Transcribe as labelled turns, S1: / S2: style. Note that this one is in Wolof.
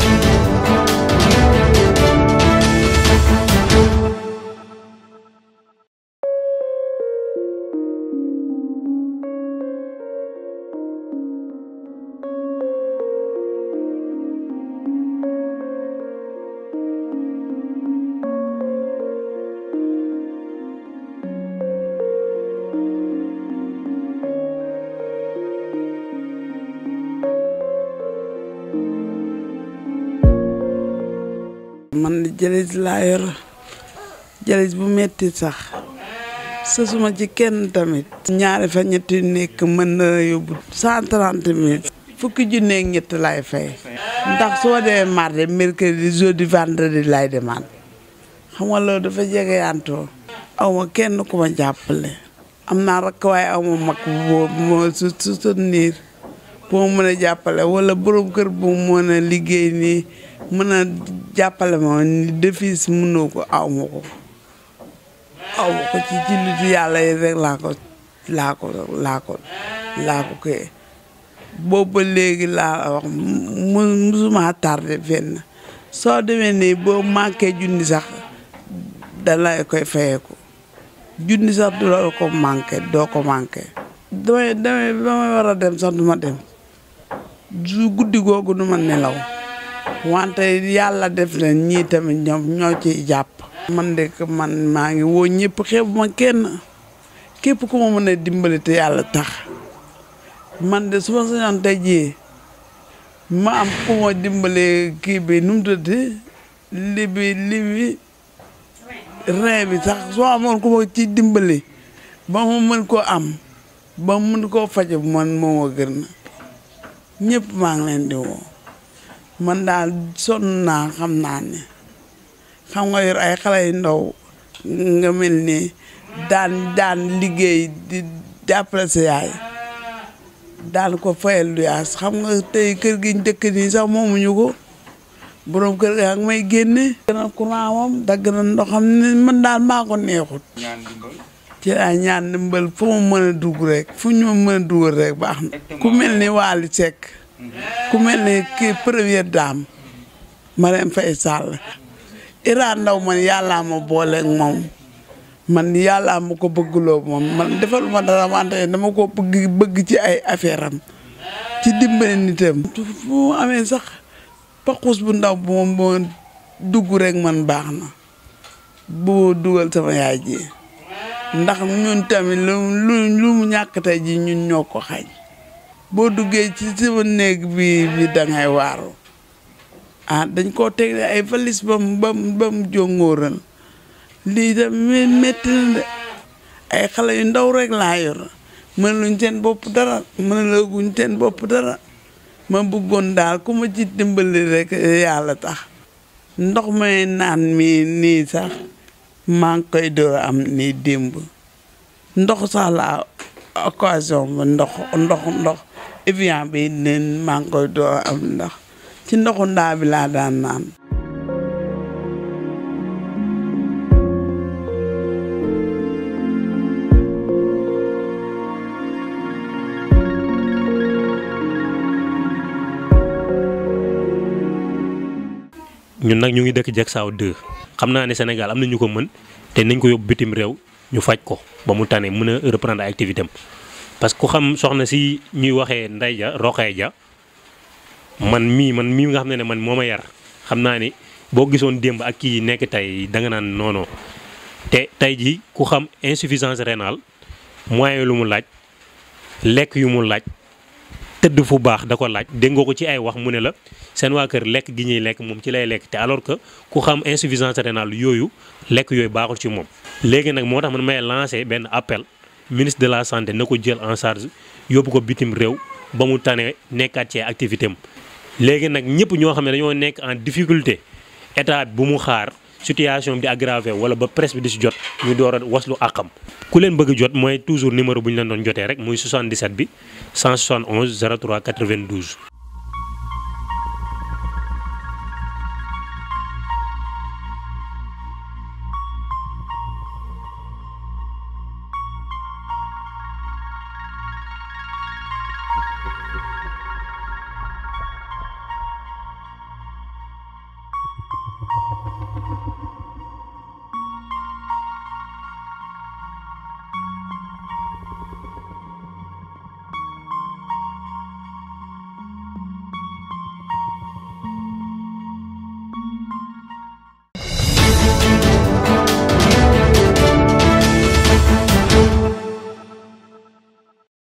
S1: Thank you man jalis laa yor jalis bu metti sax sasuma ci kenn tamit ñaari fa ñetti nekk mën na yóbbu cent trente mille fukki junneeg ñett laay fay ndax soo demee mardi mercredi jeudi vendredi laay demaat xam dafa jege yantoo aw kenn ku jàppale am naa rakk waaye aw ma mag boo su su niir boo mën jàppale wala borom kër bu mën a liggéey nii mën na jàppale ma defis mënoo ko aw ma ko aw ma ko ci ci lu yàlla yi rek laako ko laa ko laa ko laa ko kay boobu ba léegi laa wax mu soo demee ne boo manqué junni sax dalay koy fayeeku junni sax du la ko manqué doo ko manqué damay damay damay war a dem sax du ma dem su guddi googu du ma nelaw wante yàlla def na ñii tamit ñoom ñoo ci jàpp. man de man maa ngi woo ñëpp xeebu ma kenn képp ku ma mën a dimbali te yàlla tax man de su ma sañoon tey jii ma am ku ma dimbalee kii bi nu mu tuddati li bi li bi rein soo amoon ku ma ci dimbali ba mu mën koo am ba mu mën koo faje man moo ma gën ñëpp maa ngi leen di woo. man daal sonn naa xam naa ne xam nga yor ay xale yu ndaw nga mel ni daan daan liggéey di jàppale yaay daan ko fayal lu yaas xam nga tey kër gi ñu dëkk nii sax moomuñu ko borom kër ga ak may génne. dagg na courant moom dagg na ndoxam ne man daal maa ko neexut. ci laa ñaan dimbal fu ma mën a dugg rek fu ñu ma mën rek baax na. ku mel ni Waly Seck. ku mel ni kii première dame Marème Faye Sall Ira Ndaw man yàllaa ma booleeg moom man yàllaa ma ko bëggloo moom man defal ma dara wante dama ko bëgg bëgg ci ay affaire ci dimbale nitam fu amee sax paquus bu ndaw bu moom boo dugg rekk man baax na bu dugal sama yaay ji ndax ñun tamit lu lu mu ñàkk tey ji ñun ñoo ko xañ boo duggee ci sama néeg bi bi da ngay waaru ah dañ koo teg ay valise ba ba mu ba mu jóngóoral lii tam métti na de ay xale yu ndaw rek laa yor mën luñ seen bopp dara mën laguñ seen bopp dara ma bëggoon daal ku ma ci dimbali rek yàlla tax ndox may naan mi nii sa maa ngi koy door am nii démb ndox sax la occasion ba ndox ndox ndox évian ɓe nen mankoy to am ndax ci ndoxu ndaa bi laa ñun
S2: nag ñu ngi dëkk jek saw 2 xamna ni Sénégal amna ñu ko mën té nañ ko yóbbu bitim réew ñu fajj ko ba mu tané mëna reprendre activité parce que ku xam soxna si muy waxee nday ja roqee ja man mii man mii nga xam ne ne man moo ma yar xam naa ni boo gisoon démb ak kii nekk tey danga naan noono te tey ji ku xam insuffisance rénale moye lu mu laaj lekk yu mu laaj tëdd fu baax da ko laaj dégg ko ci ay wax mu ne la seen waa kër lekk gi ñuy lekk moom ci lay lekk te alors que ku xam insuffisance rénale yooyu lekk yooyu baaxul ci moom léegi nag moo tax man may lancé benn appel ministre de la santé na ko jël en charge yóbbu ko bitim réew ba mu tanee nekkaat ci activité am léegi nag ñëpp ñoo xam ne dañoo nekk en difficulté état bu mu xaar situation bi di aggravé wala ba presse bi di si jot ñu door a waslu àqam. ku leen bëgg jot mooy toujours numéro bu ñu leen doon jotee rek muy 77 bi 171 03 92.